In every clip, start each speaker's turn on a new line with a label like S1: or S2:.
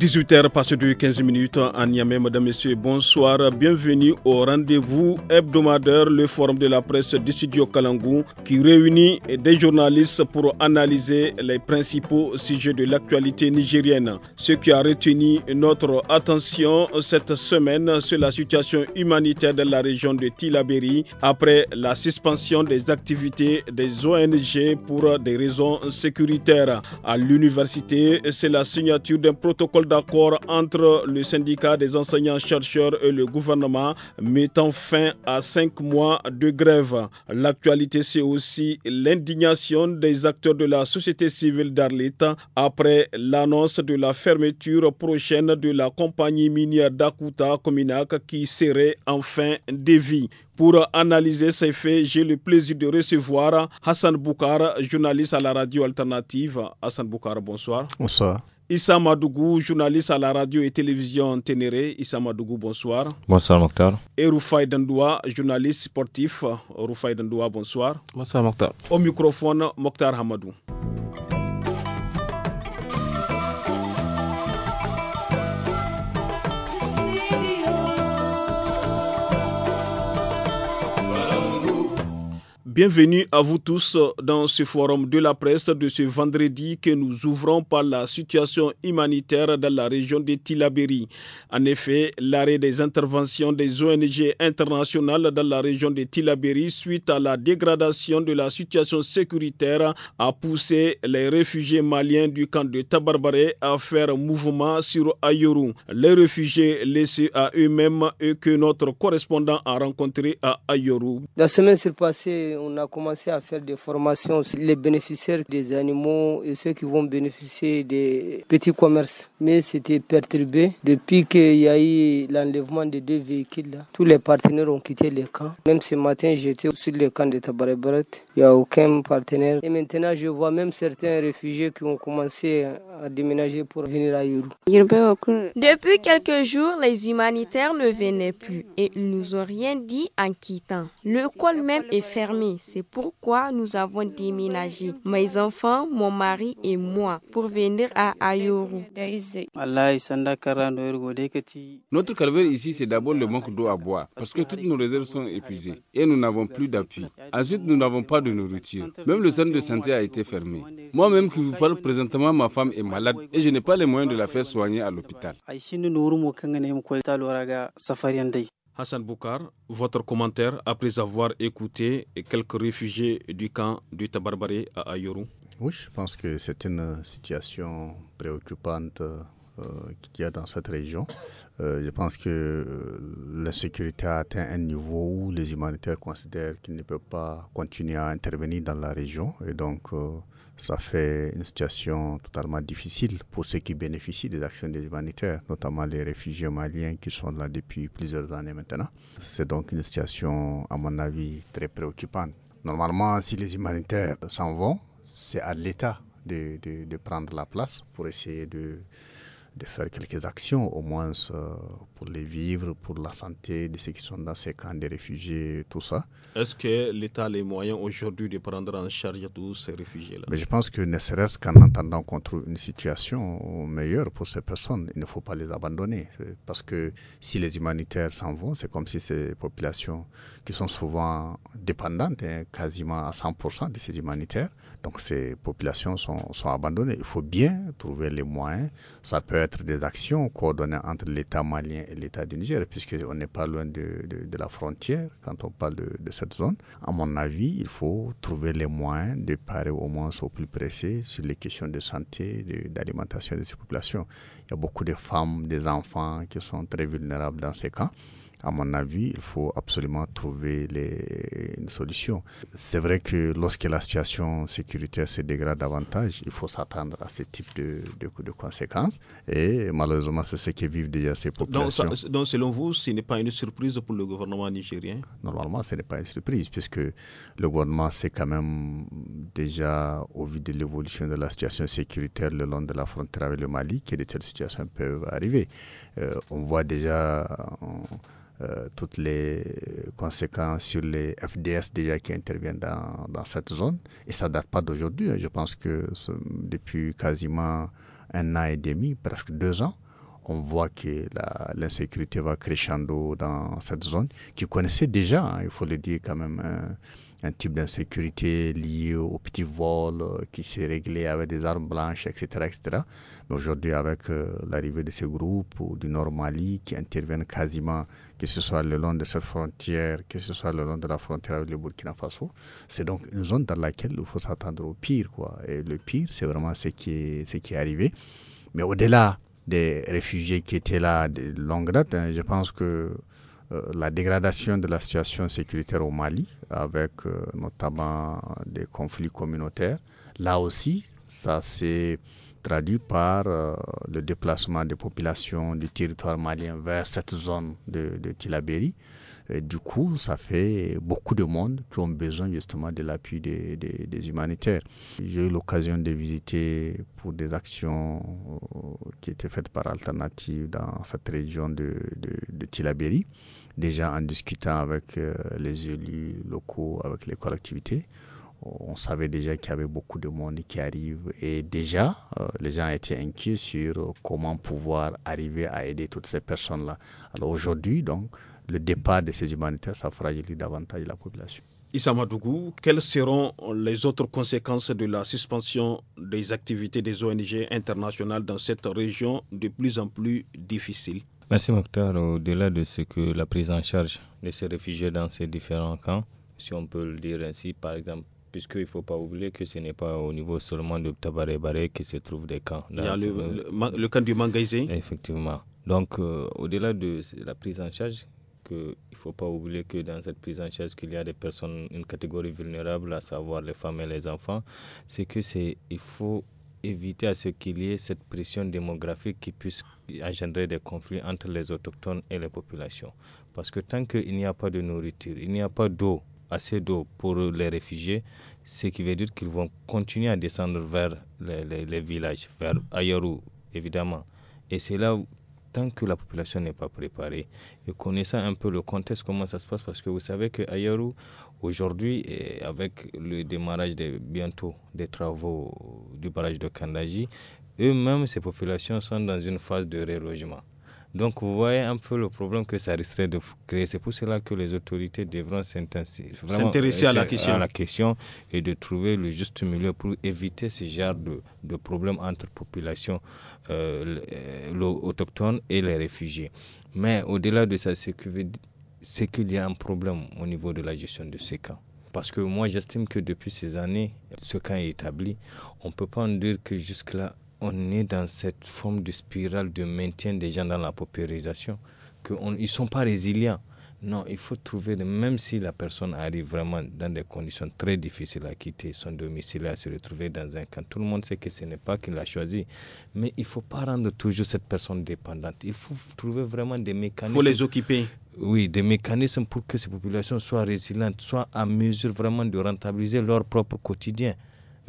S1: 18h passé de 15 minutes à Niamey, mesdames, messieurs, bonsoir. Bienvenue au rendez-vous hebdomadaire, le forum de la presse du studio Kalangou, qui réunit des journalistes pour analyser les principaux sujets de l'actualité nigérienne. Ce qui a retenu notre attention cette semaine, c'est la situation humanitaire de la région de Tilaberi après la suspension des activités des ONG pour des raisons sécuritaires. À l'université, c'est la signature d'un protocole d'accord entre le syndicat des enseignants-chercheurs et le gouvernement, mettant fin à cinq mois de grève. L'actualité, c'est aussi l'indignation des acteurs de la société civile d'Arlit après l'annonce de la fermeture prochaine de la compagnie minière d'Akuta Cominac qui serait en fin de vie. Pour analyser ces faits, j'ai le plaisir de recevoir Hassan Boukar, journaliste à la radio alternative. Hassan Boukar, bonsoir. Bonsoir. Issa Madougou, journaliste à la radio et télévision Ténéré. Issa Madougou, bonsoir. Bonsoir, Mokhtar. Et Rufai Dendoua, journaliste sportif. Rufai Dendoua, bonsoir. Bonsoir, Mokhtar. Au microphone, Mokhtar Hamadou. Bienvenue à vous tous dans ce forum de la presse de ce vendredi que nous ouvrons par la situation humanitaire dans la région de Tilaberi. En effet, l'arrêt des interventions des ONG internationales dans la région de Tilaberi suite à la dégradation de la situation sécuritaire a poussé les réfugiés maliens du camp de Tabarbaré à faire mouvement sur Ayoru. Les réfugiés laissés à eux-mêmes et que notre correspondant a rencontré à Ayoru.
S2: La semaine s'est passée, on a commencé à faire des formations sur les bénéficiaires des animaux et ceux qui vont bénéficier des petits commerces. Mais c'était perturbé. Depuis qu'il y a eu l'enlèvement des deux véhicules, tous les partenaires ont quitté les camps. Même ce matin, j'étais sur le camp de Tabarebaret n'y a aucun partenaire. Et maintenant, je vois même certains réfugiés qui ont commencé à déménager pour venir à Yuru.
S1: Depuis quelques jours, les humanitaires ne venaient plus et ils nous ont rien dit en quittant. Le col même est fermé. C'est pourquoi nous avons déménagé. Mes enfants, mon mari et moi pour venir à Ayuru. Notre calvaire ici, c'est d'abord le manque d'eau à boire parce que toutes nos réserves sont épuisées et nous n'avons plus d'appui. Ensuite, nous n'avons pas de nourriture. Même le centre de santé a été fermé. Moi-même qui vous parle présentement, ma femme est malade et je n'ai pas les moyens de la faire soigner à l'hôpital. Hassan Boukar, votre commentaire après avoir écouté quelques réfugiés du camp du Tabarbaré à Ayoru.
S3: Oui, je pense que c'est une situation préoccupante euh, euh, qu'il y a dans cette région. Euh, je pense que euh, la sécurité a atteint un niveau où les humanitaires considèrent qu'ils ne peuvent pas continuer à intervenir dans la région. Et donc, ça fait une situation totalement difficile pour ceux qui bénéficient des actions des humanitaires, notamment les réfugiés maliens qui sont là depuis plusieurs années maintenant. C'est donc une situation, à mon avis, très préoccupante. Normalement, si les humanitaires s'en vont, c'est à l'État de prendre la place pour essayer de de faire quelques actions au moins euh, pour les vivres, pour la santé de ceux qui sont dans ces camps de réfugiés, tout ça.
S1: Est-ce que l'État a les moyens aujourd'hui de prendre en charge tous ces réfugiés-là Mais je
S3: pense que ne serait-ce qu'en entendant qu'on trouve une situation meilleure pour ces personnes, il ne faut pas les abandonner. Parce que si les humanitaires s'en vont, c'est comme si ces populations qui sont souvent dépendantes, hein, quasiment à 100% de ces humanitaires, donc ces populations sont, sont abandonnées. Il faut bien trouver les moyens. Ça peut être des actions coordonnées entre l'État malien l'État du Niger, puisqu'on n'est pas loin de, la frontière quand on parle de, cette zone. À mon avis, il faut trouver les moyens de parer au moins au plus pressé sur les questions de santé, d'alimentation de, ces populations. Il y a beaucoup de femmes, des enfants qui sont très vulnérables dans ces camps à mon avis, il faut absolument trouver une solution. C'est vrai que lorsque la situation sécuritaire se dégrade davantage, il faut s'attendre à ce type de, conséquences. Et malheureusement, c'est ce que vivent déjà ces populations.
S1: Donc, selon vous, ce n'est pas une surprise pour le gouvernement nigérien
S3: Normalement, ce n'est pas une surprise, puisque le gouvernement sait quand même déjà, au vu de l'évolution de la situation sécuritaire le long de la frontière avec le Mali, que de telles situations peuvent arriver. Euh, on voit déjà euh, euh, toutes les conséquences sur les FDS déjà qui interviennent dans, cette zone. Et ça ne date pas d'aujourd'hui. Hein. Je pense que depuis quasiment un an et demi, presque deux ans, on voit que l'insécurité va crescendo dans cette zone qui connaissait déjà, hein, il faut le dire quand même, un type d'insécurité lié au petit vol euh, qui s'est réglé avec des armes blanches, etc. etc. Mais aujourd'hui, avec euh, l'arrivée de ces groupes ou du Nord-Mali qui interviennent quasiment, que ce soit le long de cette frontière, que ce soit le long de la frontière avec le Burkina Faso, c'est donc une zone dans laquelle il faut s'attendre au pire. Quoi. Et le pire, c'est vraiment ce qui est, ce qui est arrivé. Mais au-delà des réfugiés qui étaient là de longue date, hein, je pense que euh, la dégradation de la situation sécuritaire au Mali, avec euh, notamment des conflits communautaires. Là aussi, ça s'est traduit par euh, le déplacement des populations du territoire malien vers cette zone de, de Tilaberi. Et du coup, ça fait beaucoup de monde qui ont besoin justement de l'appui des, des, humanitaires. J'ai eu l'occasion de visiter pour des actions euh, qui étaient faites par Alternative dans cette région de, de, de Tilaberi, déjà en discutant avec euh, les élus locaux, avec les collectivités on savait déjà qu'il y avait beaucoup de monde qui arrive et déjà euh, les gens étaient inquiets sur comment pouvoir arriver à aider toutes ces personnes là. Alors aujourd'hui donc le départ de ces humanitaires, ça fragilise davantage la population.
S1: Issa Madougou, quelles seront les autres conséquences de la suspension des activités des ONG internationales dans cette région de plus en plus
S2: difficile Merci Mokhtar. Au-delà de ce que la prise en charge de ces réfugiés dans ces différents camps, si on peut le dire ainsi, par exemple, puisqu'il ne faut pas oublier que ce n'est pas au niveau seulement de Tabaré-Baré que se trouvent des camps. Il y a le, camp du Mangaïsé Effectivement. Donc, euh, au-delà de la prise en charge, il ne faut pas oublier que dans cette prise en charge, qu'il y a des personnes, une catégorie vulnérable, à savoir les femmes et les enfants, c'est que c'est, il faut éviter à ce qu'il y ait cette pression démographique qui puisse engendrer des conflits entre les autochtones et les populations. Parce que tant qu'il n'y a pas de nourriture, il n'y a pas d'eau, assez d'eau pour les réfugiés, ce qui veut dire qu'ils vont continuer à descendre vers les, villages, vers ailleurs, évidemment. Et c'est là tant que la population n'est pas préparée. Et connaissant un peu le contexte, comment ça se passe, parce que vous savez que Ayaru, aujourd'hui, avec le démarrage de, bientôt des travaux du barrage de Kandaji, eux-mêmes, ces populations sont dans une phase de relogement. Donc vous voyez un peu le problème que ça risquerait de créer. C'est pour cela que les autorités devront s'intéresser euh, à, la question. et de trouver le juste milieu pour éviter ce genre de, de problème entre populations euh, euh, autochtones et les réfugiés. Mais au-delà de ça, c'est qu'il y a un problème au niveau de la gestion de ces camps. Parce que moi, j'estime que depuis ces années, ce camp est établi. On ne peut pas en dire que jusque-là, on est dans cette forme de spirale de maintien des gens dans la paupérisation, qu'ils ne sont pas résilients. Non, il faut trouver, même si la personne arrive vraiment dans des conditions très difficiles à quitter son domicile, à se retrouver dans un camp, tout le monde sait que ce n'est pas qu'il a choisi. Mais il ne faut pas rendre toujours cette personne dépendante. Il faut trouver vraiment des mécanismes. Il faut les occuper. Oui, des mécanismes pour que ces populations soient résilientes, soient à mesure vraiment de rentabiliser leur propre quotidien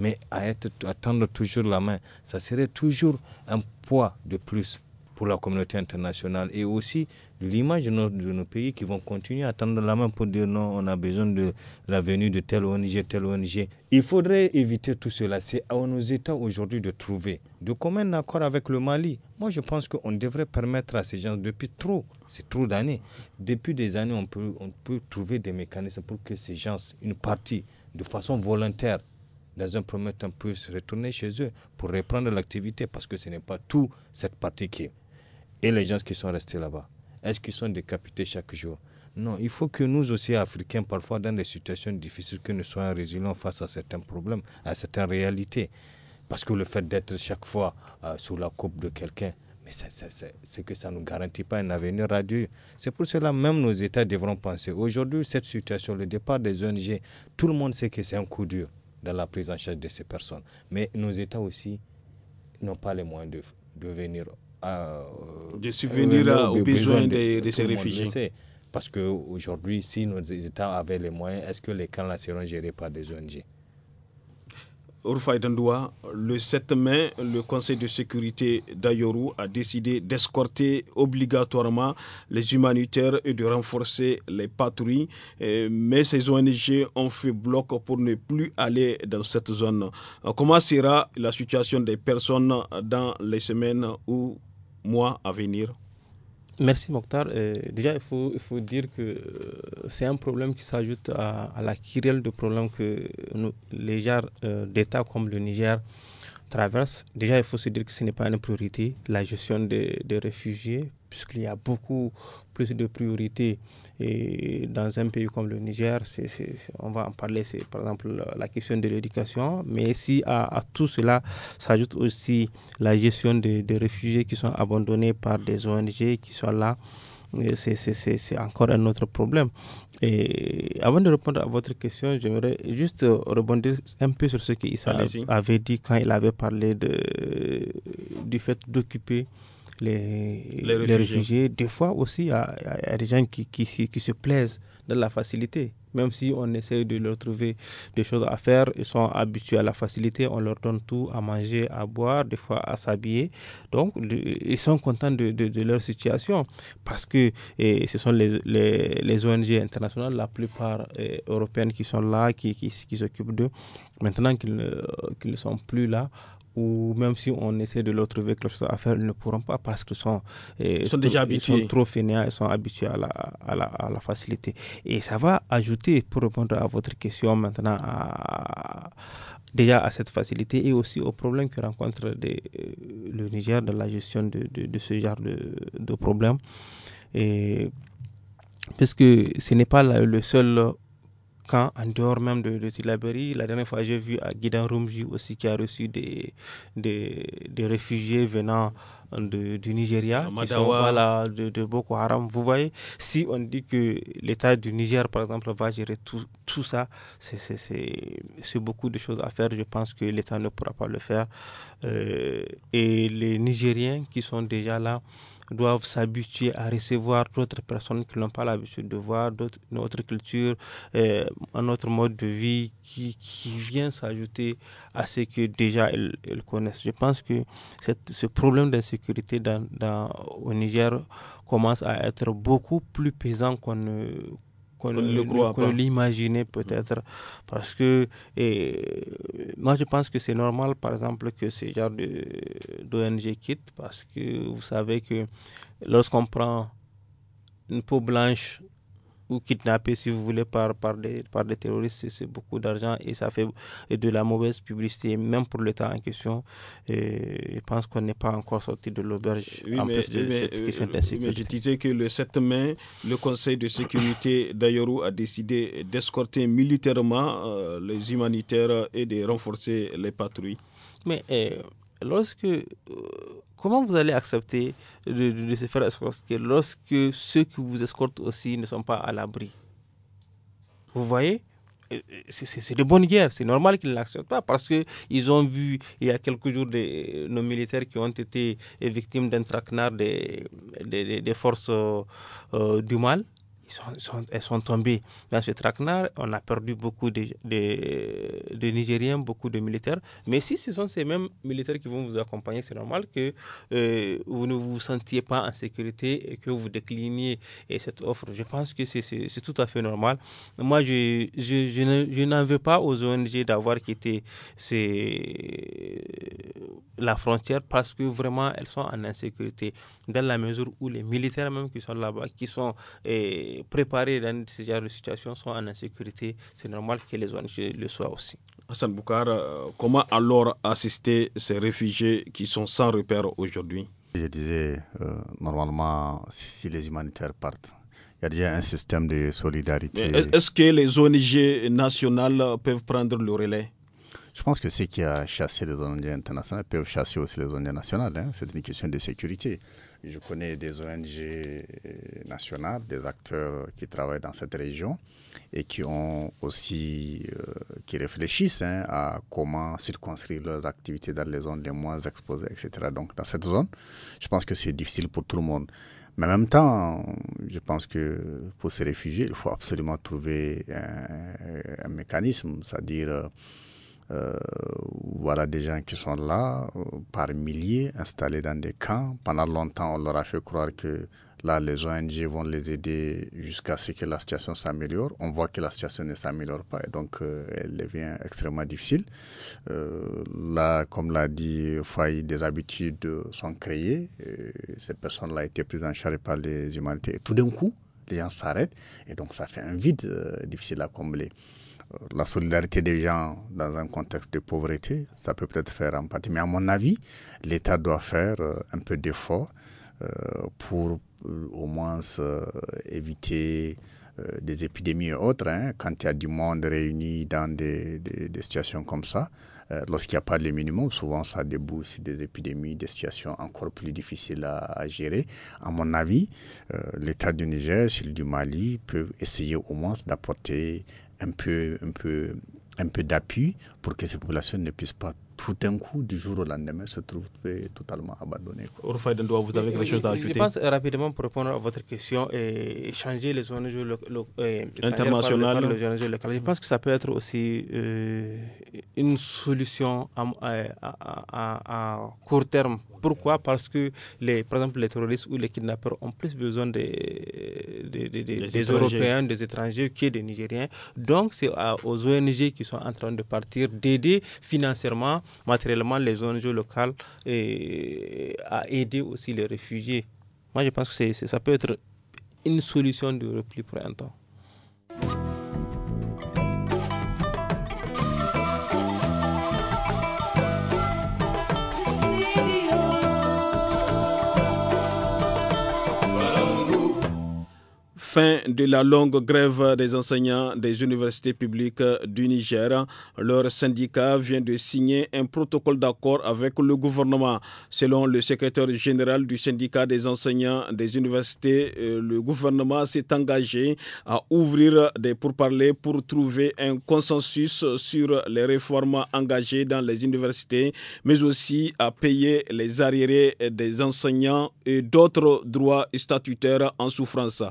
S2: mais à, être, tendre toujours la main, ça serait toujours un poids de plus pour la communauté internationale et aussi l'image de, nos pays qui vont continuer à tendre la main pour dire non, on a besoin de la venue de telle ONG, telle ONG. Il faudrait éviter tout cela. C'est à nos États aujourd'hui de trouver de commun accord avec le Mali. Moi, je pense qu'on devrait permettre à ces gens, depuis trop, c'est trop d'années, depuis des années, on peut, on peut trouver des mécanismes pour que ces gens, une partie, de façon volontaire, dans un premier temps, puissent retourner chez eux pour reprendre l'activité parce que ce n'est pas tout cette partie qui est. Et les gens qui sont restés là-bas, est-ce qu'ils sont décapités chaque jour Non, il faut que nous aussi, Africains, parfois dans des situations difficiles, que nous soyons résilients face à certains problèmes, à certaines réalités. Parce que le fait d'être chaque fois euh, sous la coupe de quelqu'un, mais c'est que ça ne nous garantit pas un avenir radieux. C'est pour cela même nos États devront penser. Aujourd'hui, cette situation, le départ des ONG, tout le monde sait que c'est un coup dur dans la prise en charge de ces personnes. Mais nos États aussi n'ont pas les moyens de, de venir à, euh, de subvenir euh, aux besoins, de, ces réfugiés. Parce qu'aujourd'hui, si nos États avaient les moyens, est-ce que les camps là seront gérés par des ONG
S1: le 7 mai, le Conseil de sécurité d'Ayoru a décidé d'escorter obligatoirement les humanitaires et de renforcer les patrouilles. Euh, mais ces ONG ont fait bloc pour ne plus aller dans cette zone. Euh, comment sera la situation des personnes dans les semaines ou mois à venir
S4: Merci Mokhtar. Euh, déjà, il faut, dire que euh, c'est un problème qui s'ajoute à, la querelle de problèmes que les gens euh, d'État comme le Niger traversent. Déjà, il faut se dire que ce n'est pas une priorité, la gestion des réfugiés, puisqu'il y a beaucoup plus de priorités et dans un pays comme le Niger, on va en parler, c'est par exemple la question de l'éducation, mais si à, tout cela s'ajoute aussi la gestion des réfugiés qui sont abandonnés par des ONG qui sont là, euh, c'est encore un autre problème. Et avant de répondre à votre question, j'aimerais juste rebondir un peu sur ce qu'Issa avait dit quand il avait parlé de, du fait d'occuper les, réfugiés. Des fois aussi, il y, a des gens qui, qui, se plaisent dans la facilité. Même si on essaie de leur trouver des choses à faire, ils sont habitués à la facilité, on leur donne tout à manger, à boire, des fois à s'habiller. Donc, ils sont contents de, de, leur situation parce que ce sont les, les, ONG internationales, la plupart eh, européennes qui sont là, qui, qui, s'occupent d'eux. Maintenant qu'ils ne, ne sont plus là, ou même si on essaie de leur trouver quelque chose à faire, ils ne pourront pas parce qu'ils sont, eh, sont déjà habitués. sont trop fainéants, ils sont habitués à la, à, la, facilité. Et ça va ajouter, pour répondre à votre question maintenant, à, déjà à cette facilité et aussi aux problèmes que rencontre des, euh, le Niger dans la gestion de, de, ce genre de, de problèmes. Et, parce que ce n'est pas le seul en dehors même de, de Tilaberi. La dernière fois, j'ai vu à Guidan Rumji aussi qui a reçu des, des, réfugiés venant du Nigeria, de, Boko Haram. Vous voyez, si on dit que l'État du Niger, par exemple, va gérer tout, tout ça, c'est beaucoup de choses à faire. Je pense que l'État ne pourra pas le faire. Euh, et les Nigériens qui sont déjà là, doivent s'habituer à recevoir d'autres personnes qui n'ont pas l'habitude de voir, d'autres, une autre culture, euh, un autre mode de vie qui, qui vient s'ajouter à ce que déjà elles, connaissent. Je pense que ce problème d'insécurité dans, au Niger commence à être beaucoup plus pesant qu'on ne qu'on l'imaginait peut-être. Parce que et, moi, je pense que c'est normal, par exemple, que ce genre d'ONG quitte, parce que vous savez que lorsqu'on prend une peau blanche ou kidnappés, si vous voulez, par, par, des, par des terroristes. C'est beaucoup d'argent et ça fait de la mauvaise publicité, même pour l'État en question. Et je pense qu'on n'est pas encore sorti de l'auberge en plus de cette euh, question de je
S1: disais que le 7 mai, le Conseil de sécurité d'Ayoru a décidé d'escorter militairement euh, les humanitaires et de renforcer les patrouilles. Mais. Euh, lorsque euh, comment vous allez accepter de,
S4: se faire escorter lorsque ceux qui vous escortent aussi ne sont pas à l'abri Vous voyez euh, euh, c'est de bonnes guerres, c'est normal qu'ils ne pas parce qu'ils ont vu il y a quelques jours des, nos militaires qui ont été victimes d'un traquenard des, forces du mal elles sont tombées dans ce traquenard. On a perdu beaucoup de, de, Nigériens, beaucoup de militaires. Mais si ce sont ces mêmes militaires qui vont vous accompagner, c'est normal que euh, vous ne vous sentiez pas en sécurité et que vous décliniez cette offre. Je pense que c'est tout à fait normal. Moi, je, je, je n'en veux pas aux ONG d'avoir quitté ces, la frontière parce que vraiment, elles sont en insécurité. Dans la mesure où les militaires même qui sont là-bas, qui sont... Préparer dans ce genre de situation, sont en insécurité, c'est normal que les ONG le soient aussi.
S1: Hassan Boukar, euh, comment alors
S3: assister ces réfugiés qui sont sans repère aujourd'hui Je disais, euh, normalement, si les humanitaires partent, il y a déjà un système de solidarité. Est-ce
S1: que les ONG nationales peuvent prendre le relais
S3: je pense que ceux qui a chassé les ONG internationales peuvent chasser aussi les ONG nationales. Hein. C'est une question de sécurité. Je connais des ONG nationales, des acteurs qui travaillent dans cette région et qui ont aussi, euh, qui réfléchissent hein, à comment circonscrire leurs activités dans les zones les moins exposées, etc. Donc dans cette zone, je pense que c'est difficile pour tout le monde. Mais en même temps, je pense que pour ces réfugiés, il faut absolument trouver un mécanisme, c'est-à-dire... Euh, euh, voilà des gens qui sont là euh, par milliers, installés dans des camps. Pendant longtemps, on leur a fait croire que là, les ONG vont les aider jusqu'à ce que la situation s'améliore. On voit que la situation ne s'améliore pas et donc euh, elle devient extrêmement difficile. là, comme l'a dit Faye, des habitudes sont créées. Cette personne là été prise en charge par les humanités. tout d'un coup, les gens s'arrêtent et donc ça fait un vide difficile à combler. Euh, la solidarité des gens dans un contexte de pauvreté, ça peut peut-être faire un partie. Mais à mon avis, l'État doit faire euh, un peu d'efforts euh, pour au moins éviter des épidémies et autres. Hein. quand il y a du monde réuni dans des, situations comme ça, lorsqu'il n'y a pas de minimum, souvent ça débouche des épidémies, des situations encore plus difficiles à, gérer. À mon avis, l'État du Niger, celui du Mali, peut essayer au moins d'apporter un peu, un peu, un peu d'appui pour que ces populations ne puissent pas tout coup, du jour au lendemain, se trouve totalement abandonné. Je pense
S4: rapidement pour répondre à votre question et changer les ONG le, le, Je pense que ça peut être aussi euh, une solution à, court terme. Pourquoi Parce que, les, par exemple, les terroristes ou les kidnappeurs ont plus besoin des, des, des Européens, des étrangers que des Nigériens. Donc, c'est aux ONG qui sont en train de partir d'aider financièrement matériellement les ONG locales et, à aider aussi les réfugiés. Moi, je pense que ça peut être une solution de repli pour un temps.
S1: Fin de la longue grève des enseignants des universités publiques du Niger. Leur syndicat vient de signer un protocole d'accord avec le gouvernement. Selon le secrétaire général du syndicat des enseignants des universités, euh, le gouvernement s'est engagé à ouvrir des pourparlers pour trouver un consensus sur les réformes engagées dans les universités, mais aussi à payer les arriérés des enseignants et d'autres droits statutaires en souffrance.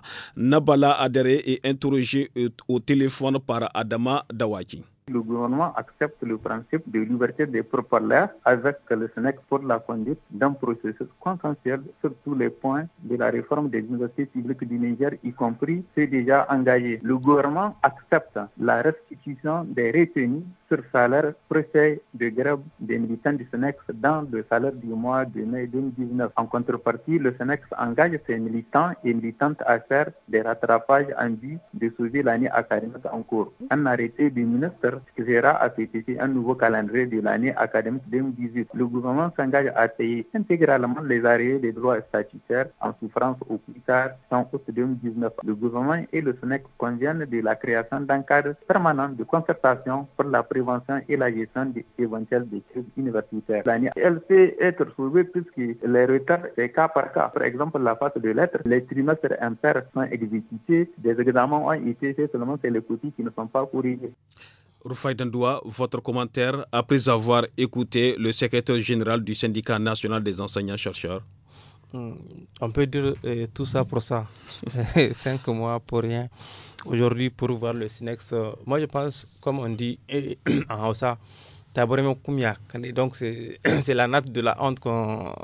S1: Nabala Adere est interrogé euh, au
S5: téléphone par Adama Dawaki le gouvernement accepte le principe de liberté des propalaires avec le SNEC pour la conduite d'un processus consensuel sur tous les points de la réforme des universités publiques du Niger, y compris ceux déjà engagés. Le gouvernement accepte la restitution des retenues sur salaire procès de grève des militants du SENEX dans le salaire du mois de mai 2019. En contrepartie, le SENEX engage ses militants et militantes à faire des rattrapages en vue de sauver l'année académique en cours. Un arrêté du ministre gérera à PTC un nouveau calendrier de l'année académique 2018. Le gouvernement s'engage à payer intégralement les arrêts des droits statutaires en souffrance au plus tard en août 2019. Le gouvernement et le SENEX conviennent de la création d'un cadre permanent de concertation pour la prise et la gestion des des crises universitaires. Elle peut être sauvée puisque les retards, c'est cas par cas. Par exemple, la phase de lettres, les trimestres impairs sont exécutés, des examens ont été faits seulement c'est les copies qui ne sont pas corrigées.
S1: Rufai Dandoua, votre commentaire après avoir écouté le secrétaire général du syndicat national des enseignants-chercheurs.
S4: Hmm. on peut dire euh, tout ça pour ça. Cinq mois pour rien. Aujourd'hui, pour voir le Sinex, euh, moi je pense, comme on dit en Hausa, donc c'est la nappe de la honte qu'on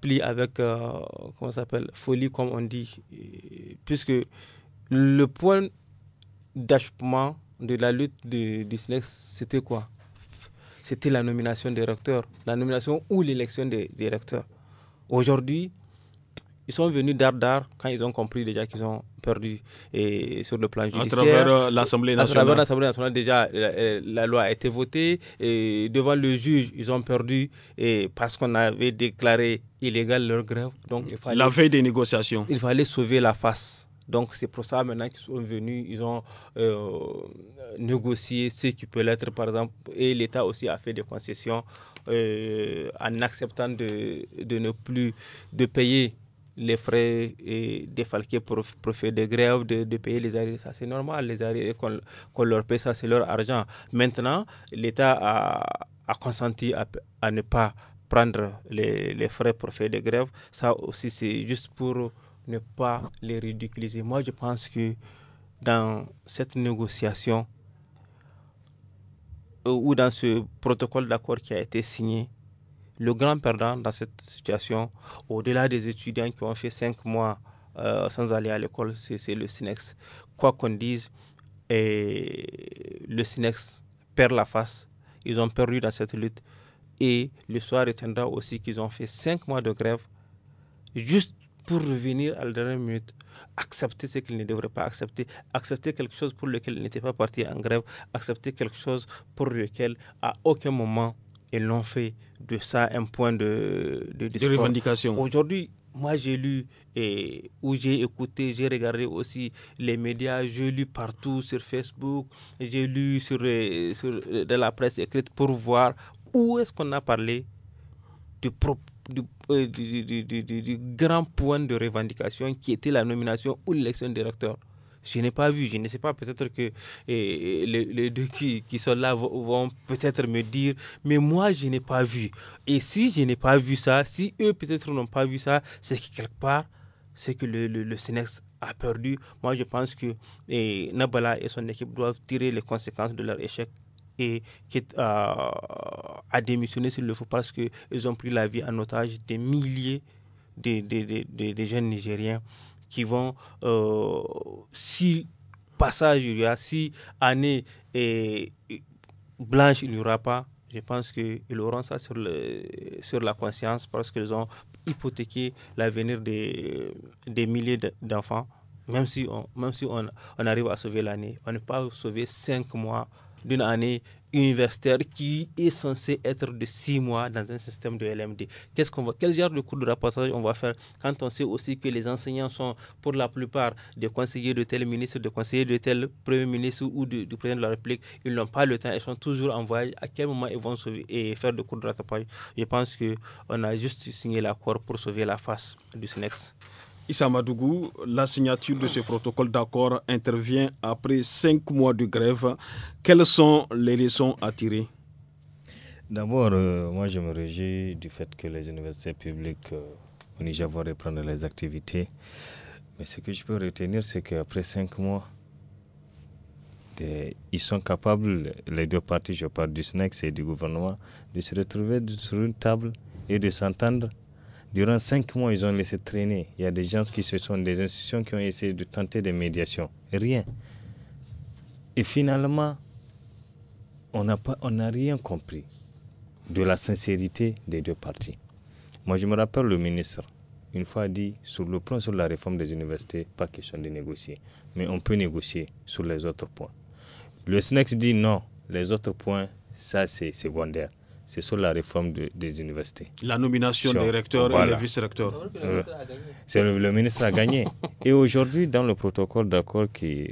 S4: plie avec, euh, s'appelle, folie, comme on dit. Puisque le point d'achèvement de la lutte du de, c'était quoi C'était la nomination des recteurs, la nomination ou l'élection des, des recteurs. Aujourd'hui, ils sont venus d'art quand ils ont compris déjà qu'ils ont perdu et sur le plan judiciaire. À travers euh, l'Assemblée nationale. À travers l'Assemblée nationale, déjà, la, loi a été votée. Et devant le juge, ils ont perdu et parce qu'on avait déclaré illégal leur grève. Donc, il fallait, la veille des négociations. Il fallait sauver la face. Donc, c'est pour ça maintenant qu'ils sont venus, ils ont euh, négocié ce qui peut l'être, par exemple, et l'État aussi a fait des concessions euh, en acceptant de, de, ne plus de payer les frais défalqués pour, faire des grèves, de, de payer les arrêts. Ça, c'est normal. Les arrêts qu'on leur paie, ça, c'est leur argent. Maintenant, l'État a, a, consenti à, ne pas prendre les, les, frais pour faire des grèves. Ça aussi, c'est juste pour ne pas les ridiculiser. Moi, je pense que dans cette négociation, euh, ou dans ce protocole d'accord qui a été signé, le grand perdant dans cette situation, au-delà des étudiants qui ont fait cinq mois euh, sans aller à l'école, c'est le SINEX. Quoi qu'on dise, et le SINEX perd la face. Ils ont perdu dans cette lutte. Et le soir retiendra aussi qu'ils ont fait cinq mois de grève juste pour revenir à la dernière minute accepter ce qu'il ne devrait pas accepter, accepter quelque chose pour lequel ils n'était pas parti en grève, accepter quelque chose pour lequel à aucun moment ils n'ont fait de ça un point de, de, revendication. Aujourd'hui, moi j'ai lu et où j'ai écouté, j'ai regardé aussi les médias, j'ai lu partout sur Facebook, j'ai lu sur, euh, euh, de la presse écrite pour voir où est-ce qu'on a parlé du, pro, euh, du, grand point de revendication qui était la nomination ou l'élection des Je n'ai pas vu, je ne sais pas, peut-être que les, deux qui, sont là vont, peut-être me dire, mais moi je n'ai pas vu. Et si je n'ai pas vu ça, si eux peut-être n'ont pas vu ça, c'est que quelque part, c'est que le, le, a perdu. Moi je pense que Nabala et son équipe doivent tirer les conséquences de leur échec qui, a euh, démissionné s'il le faut parce qu'ils ont pris la vie en otage des milliers de, jeunes Nigériens qui vont, euh, si passage il y a, si année blanche il n'y aura pas, je pense qu'ils auront ça sur, la conscience parce qu'ils ont hypothéqué l'avenir des, milliers d'enfants. Même si, on, même si on arrive à sauver l'année, on ne peut pas sauver cinq mois d'une année universitaire qui est censée être de six mois dans un système de LMD. Qu'est-ce qu'on va, quel genre de cours de rapportage on va faire quand on sait aussi que les enseignants sont pour la plupart des conseillers de tel ministre, des conseillers de tel premier ministre ou du, président de la République. Ils n'ont pas le temps, ils sont toujours en voyage. À quel moment ils vont et faire des cours de rapportage Je pense qu'on a juste signé l'accord pour sauver la face du
S1: SNEX. Isamadougou, la signature de ce protocole d'accord intervient après cinq mois de grève. Quelles sont les leçons à tirer
S2: D'abord, euh, moi je me réjouis du fait que les universités publiques ont euh, au Niger vont reprendre les activités. Mais ce que je peux retenir, c'est qu'après cinq mois, ils sont capables, les deux parties, je parle du SNEX et du gouvernement, de se retrouver sur une table et de s'entendre Durant cinq mois, ils ont laissé traîner. Il y a des gens qui se sont, des institutions qui ont essayé de tenter des médiations. Rien. Et finalement, on n'a rien compris de la sincérité des deux parties. Moi, je me rappelle le ministre, une fois dit, sur le plan sur la réforme des universités, pas question de négocier, mais on peut négocier sur les autres points. Le SNEX dit non, les autres points, ça c'est secondaire c'est sur la réforme des universités. La nomination des recteurs et des vice-recteurs. Euh, c'est le, ministre a gagné. et aujourd'hui, dans le protocole d'accord qui,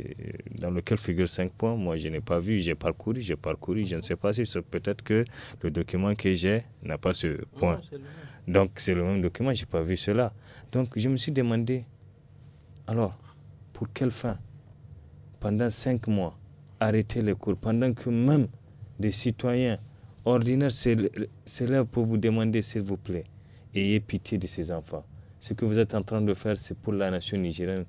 S2: dans lequel figure 5 points, moi je n'ai pas vu, j'ai parcouru, j'ai parcouru, je ne sais pas si c'est peut-être que le document que j'ai n'a pas ce point. Donc c'est le même document, j'ai pas vu cela. Donc je me suis demandé, alors, pour quelle fin Pendant 5 mois, arrêter les cours, pendant que même des citoyens ordinaire c'est là pour vous demander, s'il vous plaît, ayez pitié de ces enfants. Ce que vous êtes en train de faire, c'est pour la nation nigérienne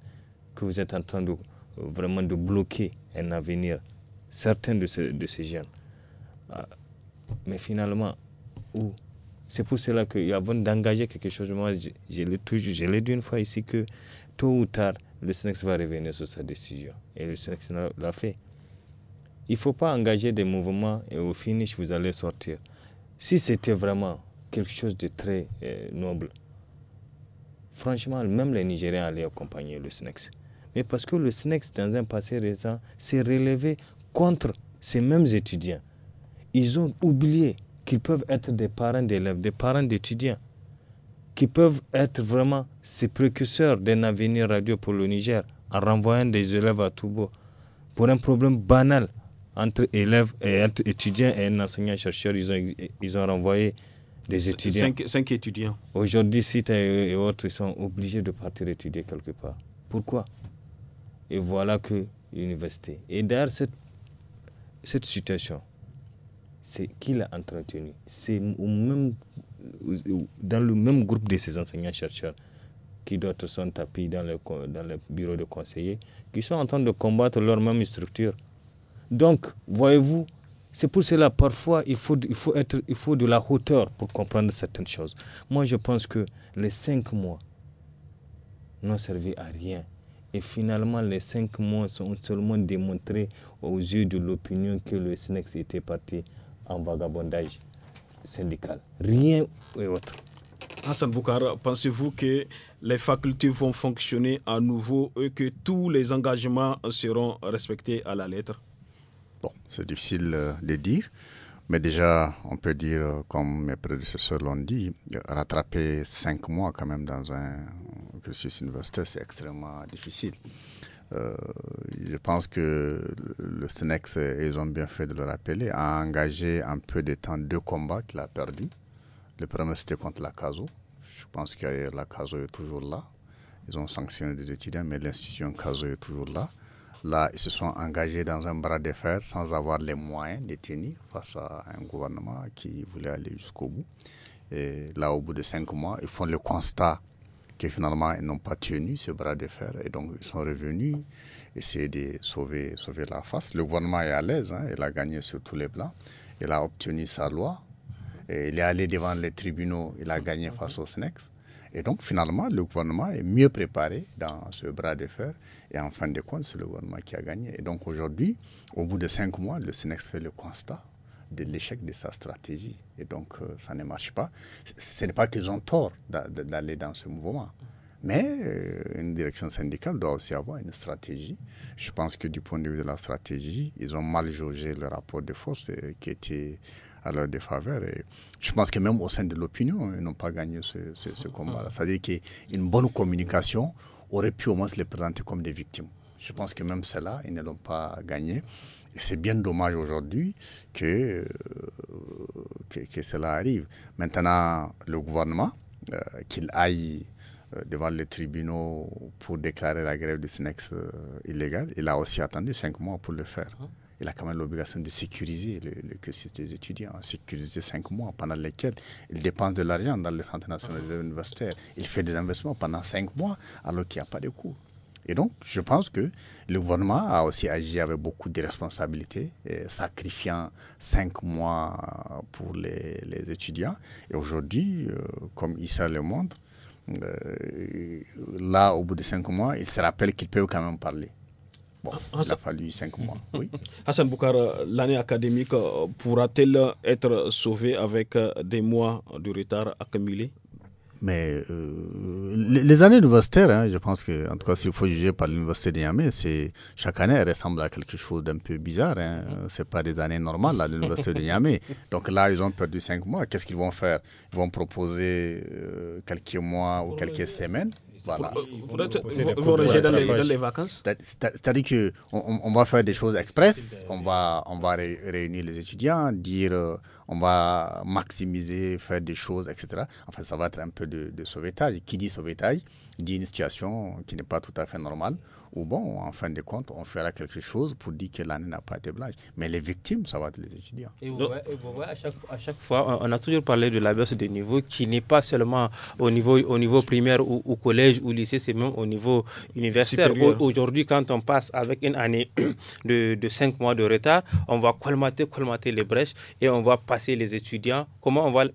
S2: que vous êtes en train de euh, vraiment de bloquer un avenir, certains de, de ces jeunes. Ah, mais finalement, où c'est pour cela qu'avant d'engager quelque chose, moi, je, je l'ai dit une fois ici que tôt ou tard, le SNEX va revenir sur sa décision. Et le SNEX l'a fait. Il ne faut pas engager des mouvements et au finish, vous allez sortir. Si c'était vraiment quelque chose de très euh, noble, franchement, même les Nigériens allaient accompagner le SNEX. Mais parce que le SNEX, dans un passé récent, s'est relevé contre ces mêmes étudiants. Ils ont oublié qu'ils peuvent être des parents d'élèves, des parents d'étudiants, qui peuvent être vraiment ces précurseurs d'un avenir radio pour le Niger en renvoyant des élèves à Toubo pour un problème banal entre élèves et étudiants et enseignants-chercheurs, ils ont, ils ont renvoyé des étudiants. Cinq, étudiants. Aujourd'hui, si euh, et autres ils sont obligés de partir étudier quelque part. Pourquoi Et voilà que l'université. Et derrière cette, situation, c'est qui l'a entretenu C'est même, euh, dans le même groupe de ces enseignants-chercheurs qui d'autres sont tapis dans le, dans le bureau de conseillers, qui sont en train de combattre leur même structure. Donc, voyez-vous, c'est pour cela, parfois, il faut, il, faut être, il faut de la hauteur pour comprendre certaines choses. Moi, je pense que les cinq mois n'ont servi à rien. Et finalement, les cinq mois sont seulement démontrés aux yeux de l'opinion que le SNEX était parti en vagabondage syndical. Rien et autre. Hassan Boukara, pensez-vous que
S1: les facultés vont fonctionner à nouveau et que tous les engagements seront respectés à la lettre
S3: Bon, c'est difficile euh, de dire, mais déjà, on peut dire, euh, comme mes prédécesseurs l'ont dit, euh, rattraper cinq mois quand même dans un cursus universitaire, c'est extrêmement difficile. je pense que le SNEX, ils ont bien fait de le rappeler, a engagé un peu de temps deux combats qu'il a perdus. Le premier, c'était contre la CASO. Je pense que la CASO est toujours là. Ils ont sanctionné des étudiants, mais l'institution CASO est toujours là. Là, ils se sont engagés dans un bras de fer sans avoir les moyens de tenir face à un gouvernement qui voulait aller jusqu'au bout. Et là, au bout de cinq mois, ils font le constat que finalement, ils n'ont pas tenu ce bras de fer. Et donc, ils sont revenus essayer de sauver, la face. Le gouvernement est à l'aise, hein. il a gagné sur tous les plans. Il a obtenu sa loi. il est allé devant les tribunaux, il a gagné face au SNEX. Et donc, finalement, le gouvernement est mieux préparé dans ce bras de fer. Et en fin de compte, c'est le gouvernement qui a gagné. Et donc, aujourd'hui, au bout de cinq mois, le SINEX fait le constat de l'échec de sa stratégie. Et donc, euh, ça ne marche pas. Ce n'est pas qu'ils ont tort d'aller dans ce mouvement. Mais euh, une direction syndicale doit aussi avoir une stratégie. Je pense que du point de vue de la stratégie, ils ont mal jaugé le rapport de force euh, qui était à leur défaveur. Et je pense que même au sein de l'opinion, ils n'ont pas gagné ce, combat-là. C'est-à-dire qu'une bonne communication aurait pu au moins se les présenter comme des victimes. Je pense que même cela, ils ne l'ont pas gagné. Et c'est bien dommage aujourd'hui que, euh, que, cela arrive. Maintenant, le gouvernement, euh, qu'il aille euh, devant les tribunaux pour déclarer la grève du SNEX illégale, il a aussi attendu cinq mois pour le faire. Hein? il a quand même l'obligation de sécuriser le, cursus des étudiants, sécuriser cinq mois pendant lesquels il dépense de l'argent dans les centres nationaux ah. universitaires. Il fait des investissements pendant cinq mois alors qu'il n'y a pas de cours. Et donc, je pense que le gouvernement a aussi agi avec beaucoup de responsabilités, euh, sacrifiant cinq mois pour les, étudiants. Et aujourd'hui, euh, comme Issa le montre, euh, là, au bout de cinq mois, il se rappelle qu'il peut quand même parler. Ah, il a fallu cinq mois.
S1: Mhm. Oui. Hassan Boukar, euh, l'année académique euh, pourra-t-elle être sauvée avec euh, des mois de retard accumulés
S3: mais les, années universitaires, hein, je pense que, en tout cas, s'il faut juger par l'université de Niamey, chaque année, ressemble à quelque chose d'un peu bizarre. Hein. C'est pas des années normales à l'université de Niamey. Donc là, ils ont perdu cinq mois. Qu'est-ce qu'ils vont faire Ils vont proposer quelques mois ou quelques semaines voilà.
S1: Vous, dans,
S2: les
S3: vacances C'est-à-dire qu'on on va faire des choses express, on va, on va réunir les étudiants, dire euh, on va maximiser, faire des choses, etc. Enfin, ça va être un peu de, de sauvetage. Qui dit sauvetage dit une situation qui n'est pas tout à fait normale. Ou bon, en fin de compte, on fera quelque chose pour dire que l'année n'a pas été blanche. Mais les victimes, ça va être les étudiants.
S4: Et, vous, à, chaque, à, chaque, fois, on a toujours parlé de la baisse des niveaux qui n'est pas seulement au niveau, au niveau primaire ou collège ou lycée, c'est même au niveau universitaire. Aujourd'hui, quand on passe avec une année de, de 5 mois de retard, on va colmater, colmater les brèches et on va passer les étudiants. Comment on va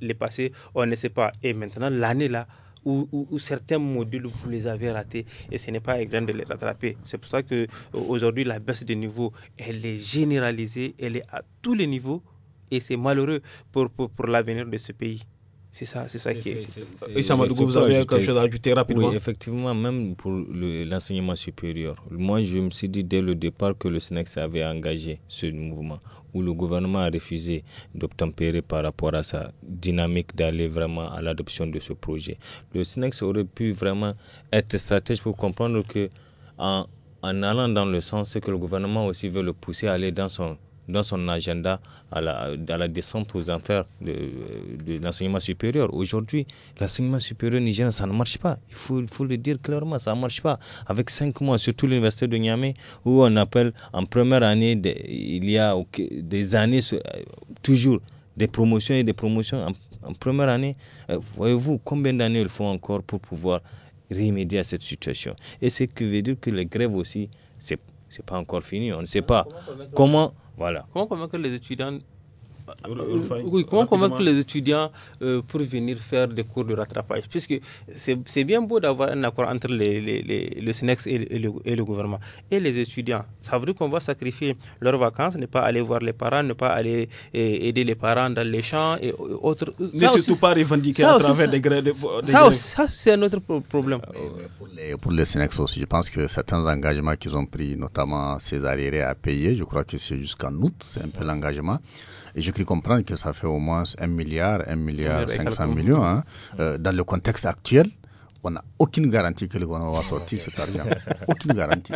S4: les passer On ne sait pas. Et maintenant, l'année là, ou certains modules, vous les avez ratés et ce n'est pas évident de les rattraper. C'est pour ça que euh, aujourd'hui la baisse de niveau, elle est généralisée, elle est à tous les niveaux et c'est malheureux pour, pour l'avenir de ce pays. C'est ça, c'est ça qui est. Et ça vous avez quelque chose à ajouter rapidement Oui,
S2: effectivement, même pour l'enseignement supérieur. Moi, je me suis dit dès le départ que le SNEX avait engagé ce mouvement, où le gouvernement a refusé d'obtempérer par rapport à sa dynamique d'aller vraiment à l'adoption de ce projet. Le SNEX aurait pu vraiment être stratège pour comprendre que en, en allant dans le sens que le gouvernement aussi veut le pousser à aller dans son dans son agenda à la, à la descente aux enfers de, l'enseignement supérieur. Aujourd'hui, l'enseignement supérieur nigérien, ça ne marche pas. Il faut, il faut le dire clairement, ça ne marche pas. Avec cinq mois, surtout l'université de Niamey, où on appelle en première année, il y a des années, euh, toujours des promotions et des promotions en, première année. Euh, voyez-vous combien d'années il faut encore pour pouvoir remédier à cette situation. Et ce qui veut dire que les grèves aussi, c'est n'est pas encore fini. On ne sait pas comment Voilà. Comment convaincre les étudiants Bah, euh, euh, oui,
S4: comment convaincre les étudiants euh, pour venir faire des cours de rattrapage Puisque c'est bien beau d'avoir un accord entre le SNEX et, le, et le, gouvernement. Et les étudiants, ça veut dire qu'on va sacrifier leurs vacances, ne pas aller voir les parents, ne pas aller eh, aider les parents dans les champs et autres. Mais surtout pas revendiquer à travers des grèves. De, ça, ça c'est un autre problème.
S3: Ah, pour le pour aussi, je pense que certains engagements qu'ils ont pris, notamment ces arriérés à payer, je crois que c'est jusqu'en août, c'est un peu l'engagement. Et je comprendre que ça fait au moins 1 milliard, 1 milliard 500 millions. Hein. Euh, dans le contexte actuel, on n'a aucune garantie que le gouvernement va sortir cet argent. aucune garantie.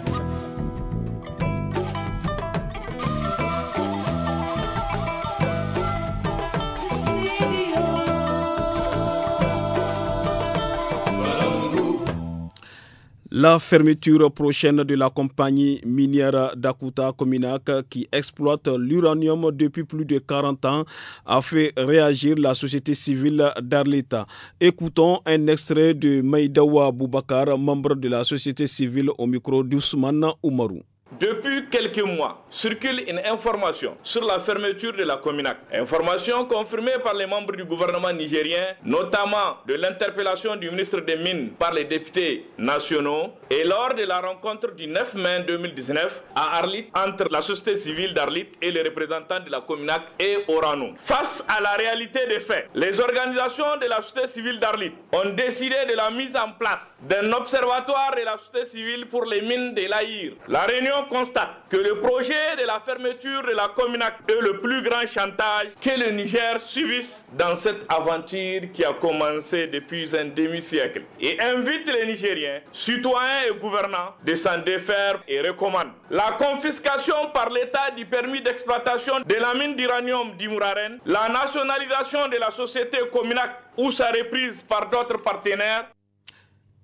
S1: La fermeture prochaine de la compagnie minière d'Akuta Kominak qui exploite l'uranium depuis plus de 40 ans a fait réagir la société civile d'Arleta. Écoutons un extrait de Maïdawa Boubakar, membre de la société civile au micro d'Ousmane Oumarou.
S6: Depuis quelques mois, circule une information sur la fermeture de la Cominac. Information confirmée par les membres du gouvernement nigérien, notamment de l'interpellation du ministre des Mines par les députés nationaux et lors de la rencontre du 9 mai 2019 à Arlit entre la société civile d'Arlit et les représentants de la Cominac et Orano. Face à la réalité des faits, les organisations de la société civile d'Arlit ont décidé de la mise en place d'un observatoire de la société civile pour les mines de l'Aïr. La réunion constate que le projet de la fermeture de la Cominac est le plus grand chantage que le Niger subisse dans cette aventure qui a commencé depuis un demi-siècle et invite les Nigériens, citoyens et gouvernants, de s'en défaire et recommande la confiscation par l'État du permis d'exploitation de la mine d'uranium d'Imouraren, la nationalisation de la société communac ou sa reprise par d'autres partenaires,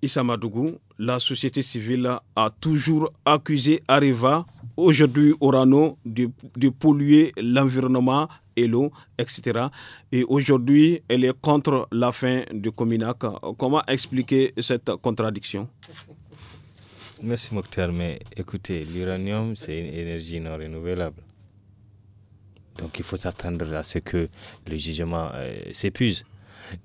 S1: Isamadougou, la société civile a toujours accusé Areva, aujourd'hui Orano, de, polluer l'environnement et l'eau, etc. Et aujourd'hui, elle est contre la fin du Cominac. Comment expliquer cette
S2: contradiction Merci Mokhtar, mais écoutez, l'uranium, c'est une énergie non renouvelable. Donc il faut s'attendre à ce que le jugement euh, s'épuise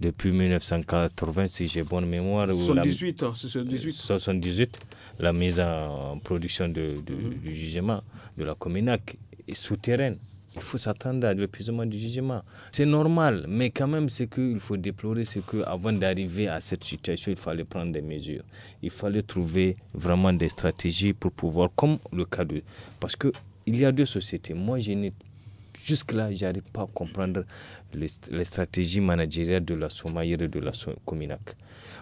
S2: depuis 1980, si j'ai bonne mémoire. 78, la, 78. 78, hein, euh, la mise en production de, mm-hmm. du jugement de la Cominac est souterraine. Il faut s'attendre à l'épuisement du jugement. C'est normal, mais quand même, ce qu'il faut déplorer, c'est qu'avant d'arriver à cette situation, il fallait prendre des mesures. Il fallait trouver vraiment des stratégies pour pouvoir, comme le cas de... Parce que il y a deux sociétés. Moi, je n'ai Jusque-là, je n'arrive pas à comprendre les, stratégies managériales de la Somaïre et de la Cominac.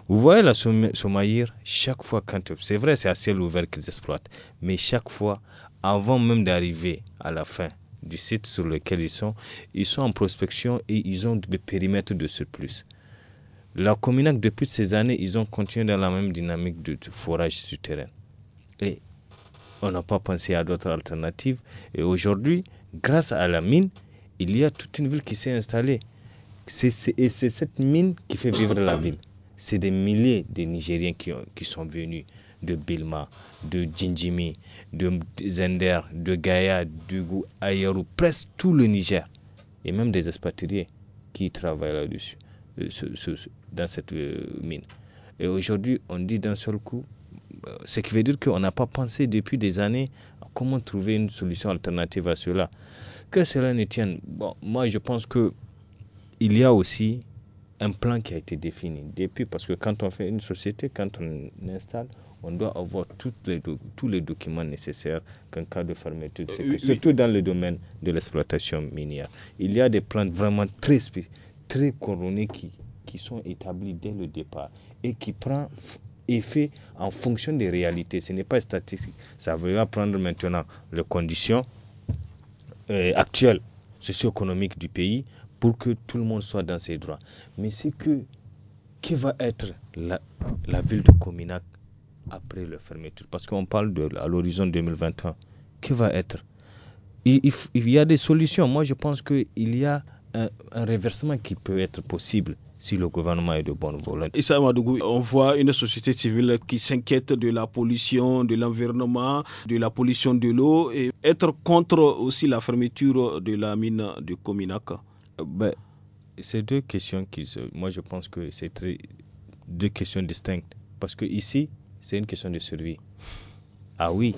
S2: Vous voyez, la Somaïre, chaque fois, quand c'est vrai, c'est à ciel ouvert qu'ils exploitent, mais chaque fois, avant même d'arriver à la fin du site sur lequel ils sont, ils sont en prospection et ils ont des périmètres de surplus. La Cominac, depuis ces années, ils ont continué dans la même dynamique de, de forage souterrain. Et on n'a pas pensé à d'autres alternatives. Et aujourd'hui, grâce à la mine, il y a toute une ville qui s'est installée. et c'est cette mine qui fait vivre la ville. C'est des milliers de Nigériens qui, sont venus de Bilma, de Jinjimi, de Zender, de Gaïa, de Ayarou, presque tout le Niger. Et même des expatriés qui travaillent là-dessus, euh, dans cette euh, mine. Et aujourd'hui, on dit d'un seul coup, euh, ce qui veut dire qu'on n'a pas pensé depuis des années comment trouver une solution alternative à cela Que cela ne tienne. Bon, moi, je pense que il y a aussi un plan qui a été défini depuis, parce que quand on fait une société, quand on installe, on doit avoir les tous les documents nécessaires qu'un cas de fermeture, euh, surtout dans le domaine de l'exploitation minière. Il y a des plans vraiment très, très couronnés qui, qui sont établis dès le départ et qui prennent est fait en fonction des réalités. Ce n'est pas statistique. Ça veut prendre maintenant les conditions euh, actuelles socio-économiques du pays pour que tout le monde soit dans ses droits. Mais c'est que qui va être la, ville de Cominac après la fermeture Parce qu'on parle de à l'horizon 2021. Qui va être il, y a des solutions. Moi, je pense qu'il y a un, un, réversement qui peut être possible si le gouvernement est de bonne volonté. Issa Madougou, on voit une société
S1: civile qui s'inquiète de la pollution, de l'environnement, de la pollution de l'eau et
S2: être contre aussi la fermeture de la mine de Kominaka. Ben, c'est deux questions qui Moi, je pense que c'est très... deux questions distinctes. Parce que ici, c'est une question de survie. Ah oui.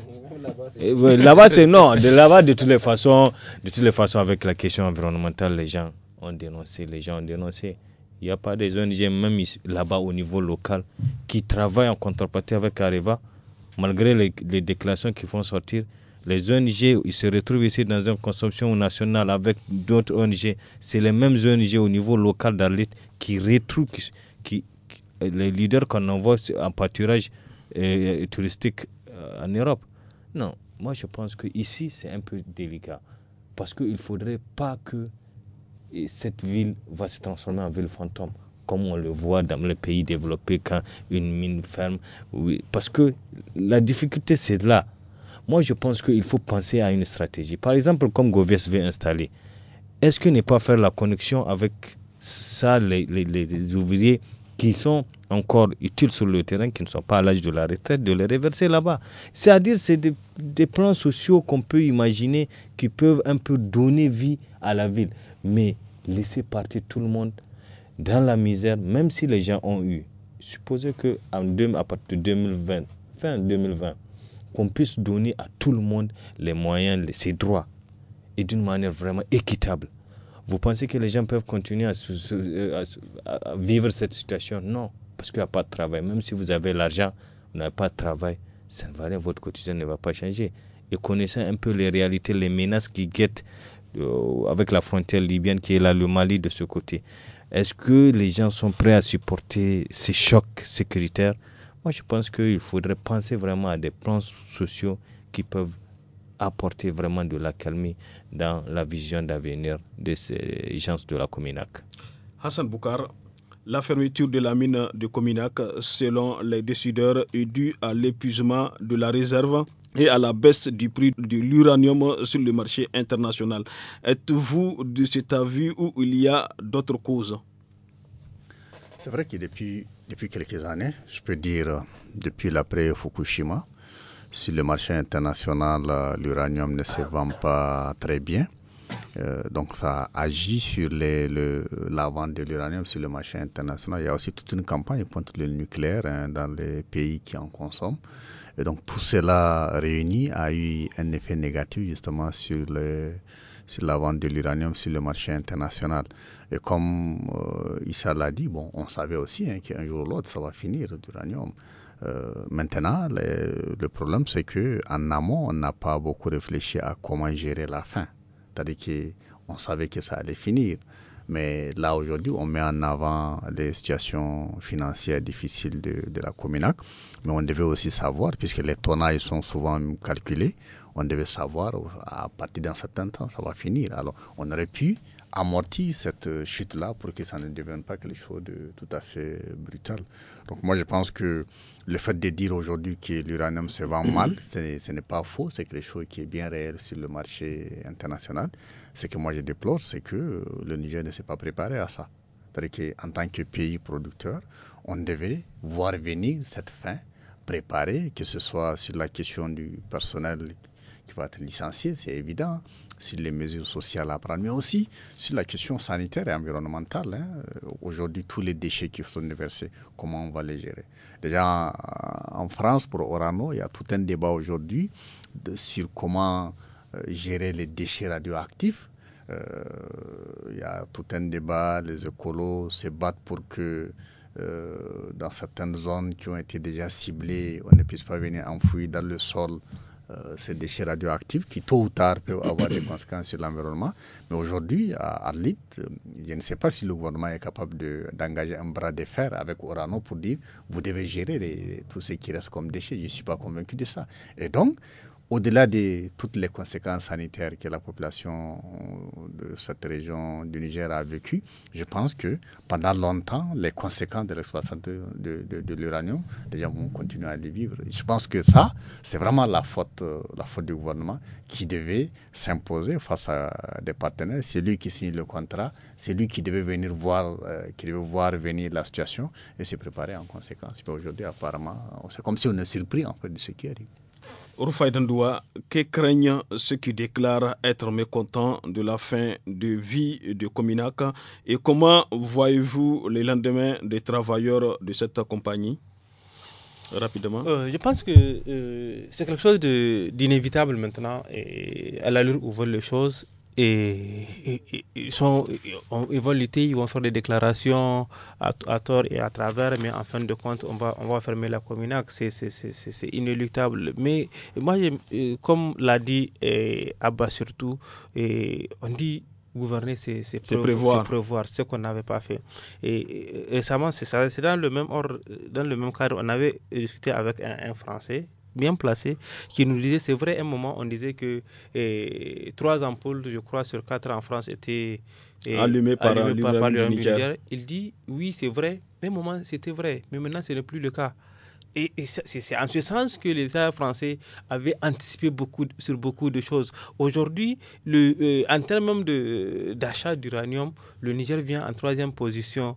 S2: Eh, là-bas, c'est non. De là-bas, de toutes les façons, de toutes les façons, avec la question environnementale, les gens ont dénoncé, les gens ont dénoncé. Il n'y a pas des ONG, même là-bas au niveau local, qui travaillent en contrepartie avec Areva, malgré les, déclarations qui font sortir. Les ONG, ils se retrouvent ici dans une consommation nationale avec d'autres ONG. C'est les mêmes ONG au niveau local d'Arlit qui retrouvent qui, les leaders qu'on envoie en pâturage touristique euh, en Europe. Non, moi je pense que ici c'est un peu délicat parce qu'il ne faudrait pas que et cette ville va se transformer en ville fantôme, comme on le voit dans les pays développés quand une mine ferme. parce que la difficulté, c'est là. Moi, je pense qu'il faut penser à une stratégie. Par exemple, comme Govies veut installer, est-ce que ne pas faire la connexion avec ça, les, ouvriers qui sont encore utiles sur le terrain, qui ne sont pas à l'âge de la retraite, de les reverser là-bas. C'est-à-dire, c'est des plans sociaux qu'on peut imaginer qui peuvent un peu donner vie à la ville. Mais laisser partir tout le monde dans la misère, même si les gens ont eu. Supposez que à partir de 2020, fin 2020, qu'on puisse donner à tout le monde les moyens, ses droits, et d'une manière vraiment équitable. Vous pensez que les gens peuvent continuer à, euh, vivre cette situation Non, parce qu'il n'y a pas de travail. Même si vous avez l'argent, vous n'avez pas de travail, ça ne va rien, votre quotidien ne va pas changer. Et connaissant un peu les réalités, les menaces qui guettent euh, avec la frontière libyenne qui est là, le Mali de ce côté. Est-ce que les gens sont prêts à supporter ces chocs sécuritaires Moi, je pense qu'il faudrait penser vraiment à des plans sociaux qui peuvent apporter vraiment de la calmie dans la vision d'avenir de ces gens de la Cominac.
S1: Hassan Boukar, la fermeture de la mine de Cominac, selon les décideurs, est due à l'épuisement de la réserve et à la baisse du prix de l'uranium sur le marché international. Êtes-vous de cet avis ou il y a d'autres
S3: causes C'est vrai que depuis, depuis quelques années, je peux dire depuis l'après Fukushima, sur le marché international, l'uranium ne se vend pas très bien. Euh, donc ça agit sur la vente de l'uranium sur le marché international. Il y a aussi toute une campagne contre le nucléaire hein, dans les pays qui en consomment. Et donc tout cela réuni a eu un effet négatif justement sur, la vente de l'uranium sur le marché international. Et comme euh, Issa l'a dit, bon, on savait aussi hein, qu'un jour ou l'autre, ça va finir, l'uranium. Euh, maintenant, le, le problème, c'est qu'en amont, on n'a pas beaucoup réfléchi à comment gérer la fin. C'est-à-dire qu'on savait que ça allait finir. Mais là, aujourd'hui, on met en avant les situations financières difficiles de, la Communac Mais on devait aussi savoir, puisque les tonnages sont souvent calculés, on devait savoir à partir d'un certain temps, ça va finir. Alors, on aurait pu amortir cette chute-là pour que ça ne devienne pas quelque chose de tout à fait brutal. Donc, moi, je pense que le fait de dire aujourd'hui que l'uranium se vend mal, ce n'est pas faux, c'est quelque chose qui est bien réel sur le marché international. Ce que moi, je déplore, c'est que le Niger ne s'est pas préparé à ça. C'est-à-dire qu'en tant que pays producteur, on devait voir venir cette fin préparée, que ce soit sur la question du personnel qui va être licencié, c'est évident, sur les mesures sociales à prendre, mais aussi sur la question sanitaire et environnementale. Hein. Euh, aujourd'hui, tous les déchets qui sont déversés, comment on va les gérer Déjà, en France, pour Orano, il y a tout un débat aujourd'hui sur comment euh, gérer les déchets radioactifs. Euh, il y a tout un débat, les écolos se battent pour que dans certaines zones qui ont été déjà ciblées, on ne puisse pas venir enfouir dans le sol euh, ces déchets radioactifs qui, tôt ou tard, peuvent avoir des conséquences sur l'environnement. Mais aujourd'hui, à Arlit, euh, je ne sais pas si le gouvernement est capable de d'engager un bras de fer avec Orano pour dire vous devez gérer les, tout ce qui reste comme déchets. Je ne suis pas convaincu de ça. Et donc, au-delà de toutes les conséquences sanitaires que la population de cette région du Niger a vécues, je pense que pendant longtemps, les conséquences de l'exploitation de, l'uranium, les gens vont continuer à les vivre. Je pense que ça, c'est vraiment la faute, euh, la faute du gouvernement qui devait s'imposer face à des partenaires. C'est lui qui signe le contrat, c'est lui qui devait venir voir, euh, qui devait voir venir la situation et se préparer en conséquence. Aujourd'hui, apparemment, c'est comme si on est surpris en fait de ce qui arrive. Dandoua, que craignent ceux
S1: qui déclarent être mécontents de la fin de vie de Cominac et comment voyez-vous les lendemain des travailleurs de cette compagnie Rapidement. Euh,
S4: je pense que euh, c'est quelque
S1: chose d'inévitable maintenant et
S4: à l'allure où vont les choses et, ils, sont, ils vont lutter, ils vont faire des déclarations à, à, tort et à travers, mais en fin de compte, on va, on va fermer la Cominac. C'est inéluctable. Mais moi, euh, comme l'a dit eh, Abba surtout, eh, on dit gouverner, c'est prévoir. prévoir. ce qu'on n'avait pas fait. Et, récemment, c'est dans le même ordre, dans le même cadre, on avait discuté avec un, un Français bien placé, qui nous disait, c'est vrai, à un moment, on disait que eh, trois ampoules, je crois, sur quatre en France étaient eh, allumées par, allumées Niger. Il dit, oui, c'est vrai, à un moment, c'était vrai, mais maintenant, ce n'est plus le cas. Et, c'est en ce sens que l'État français avait anticipé beaucoup, sur beaucoup de choses. Aujourd'hui, le euh, en termes d'achat d'uranium, le Niger vient en troisième position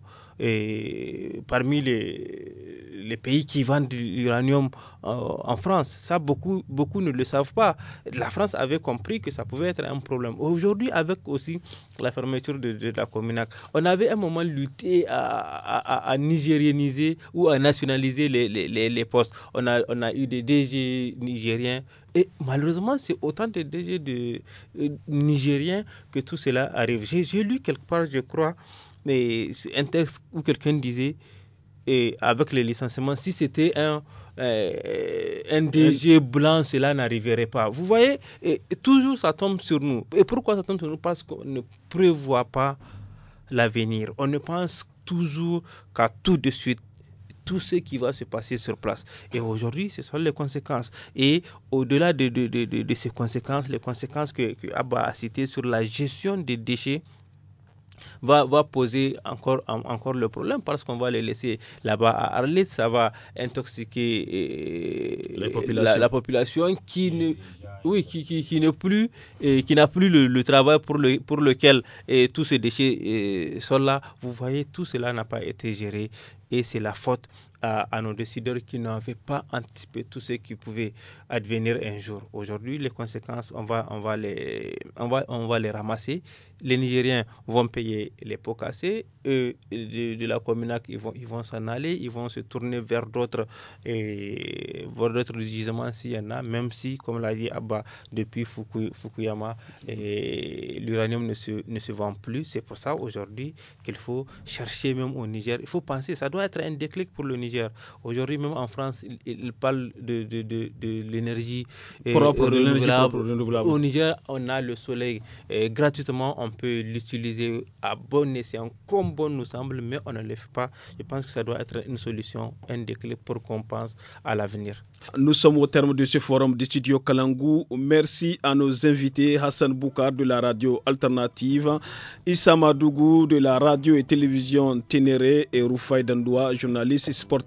S4: parmi les, les, pays qui vendent l'uranium euh, en France. Ça, beaucoup, beaucoup ne le savent pas. La France avait compris que ça pouvait être un problème. Aujourd'hui, avec aussi la fermeture de, la Cominac, on avait un moment lutté à, à, nigérianiser ou à nationaliser les, les, postes. On a, on a eu des DG nigériens. Et malheureusement, c'est autant de DG de, euh, nigériens que tout cela arrive. J'ai lu quelque part, je crois, mais un texte où quelqu'un disait, et avec le licenciement, si c'était un, euh, un DG blanc, cela n'arriverait pas. Vous voyez, et, toujours ça tombe sur nous. Et pourquoi ça tombe sur nous Parce qu'on ne prévoit pas l'avenir. On ne pense toujours qu'à tout de suite tout ce qui va se passer sur place. Et aujourd'hui, ce sont les conséquences. Et au-delà de, de, de, de, ces conséquences, les conséquences que, que Abba a citées sur la gestion des déchets, va, va poser encore, encore le problème parce qu'on va les laisser là-bas à Arlit, ça va intoxiquer euh, la, la, population qui ne, oui, qui, qui, qui n'a plus, et qui n'a plus le, travail pour, le, pour lequel tous ces déchets euh, sont là. Vous voyez, tout cela n'a pas été géré et c'est la faute à, nos décideurs qui n'avaient pas anticipé tout ce qui pouvait advenir un jour. Aujourd'hui, les conséquences, on va, on, va les, on, va, on va les ramasser. Les Nigériens vont payer les pots cassés. Eux, de, la commune, ils vont, ils vont s'en aller. Ils vont se tourner vers d'autres gisements s'il y en a, même si, comme l'a dit Abba, depuis Fukuyama, l'uranium ne se, ne se vend plus. C'est pour ça aujourd'hui qu'il faut chercher même au Niger. Il faut penser, ça doit être un déclic pour le Niger Aujourd'hui, même en France, ils, parlent de, de, de, de l'énergie euh, propre, renouvelable. renouvelable. Au Niger, on a le soleil et euh, gratuitement, on peut l'utiliser à bon escient, comme bon nous semble, mais on ne le fait pas. Je pense que ça doit être une solution, un des clés pour qu'on pense
S1: à l'avenir. Nous sommes au terme de ce forum de studio Kalangou. Merci à nos invités Hassan Boukar de la radio alternative, Issa Madougou de la radio et télévision Ténéré et Rufai Dandoua, journaliste et sportif.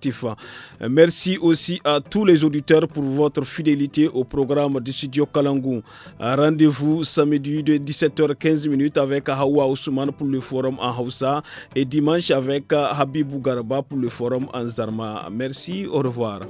S1: Merci aussi à tous les auditeurs pour votre fidélité au programme de studio Kalangou. Rendez-vous samedi de 17h15 avec Hawa Ousmane pour le forum en Hausa et dimanche avec Habib Garba pour le forum en Zarma. Merci, au revoir.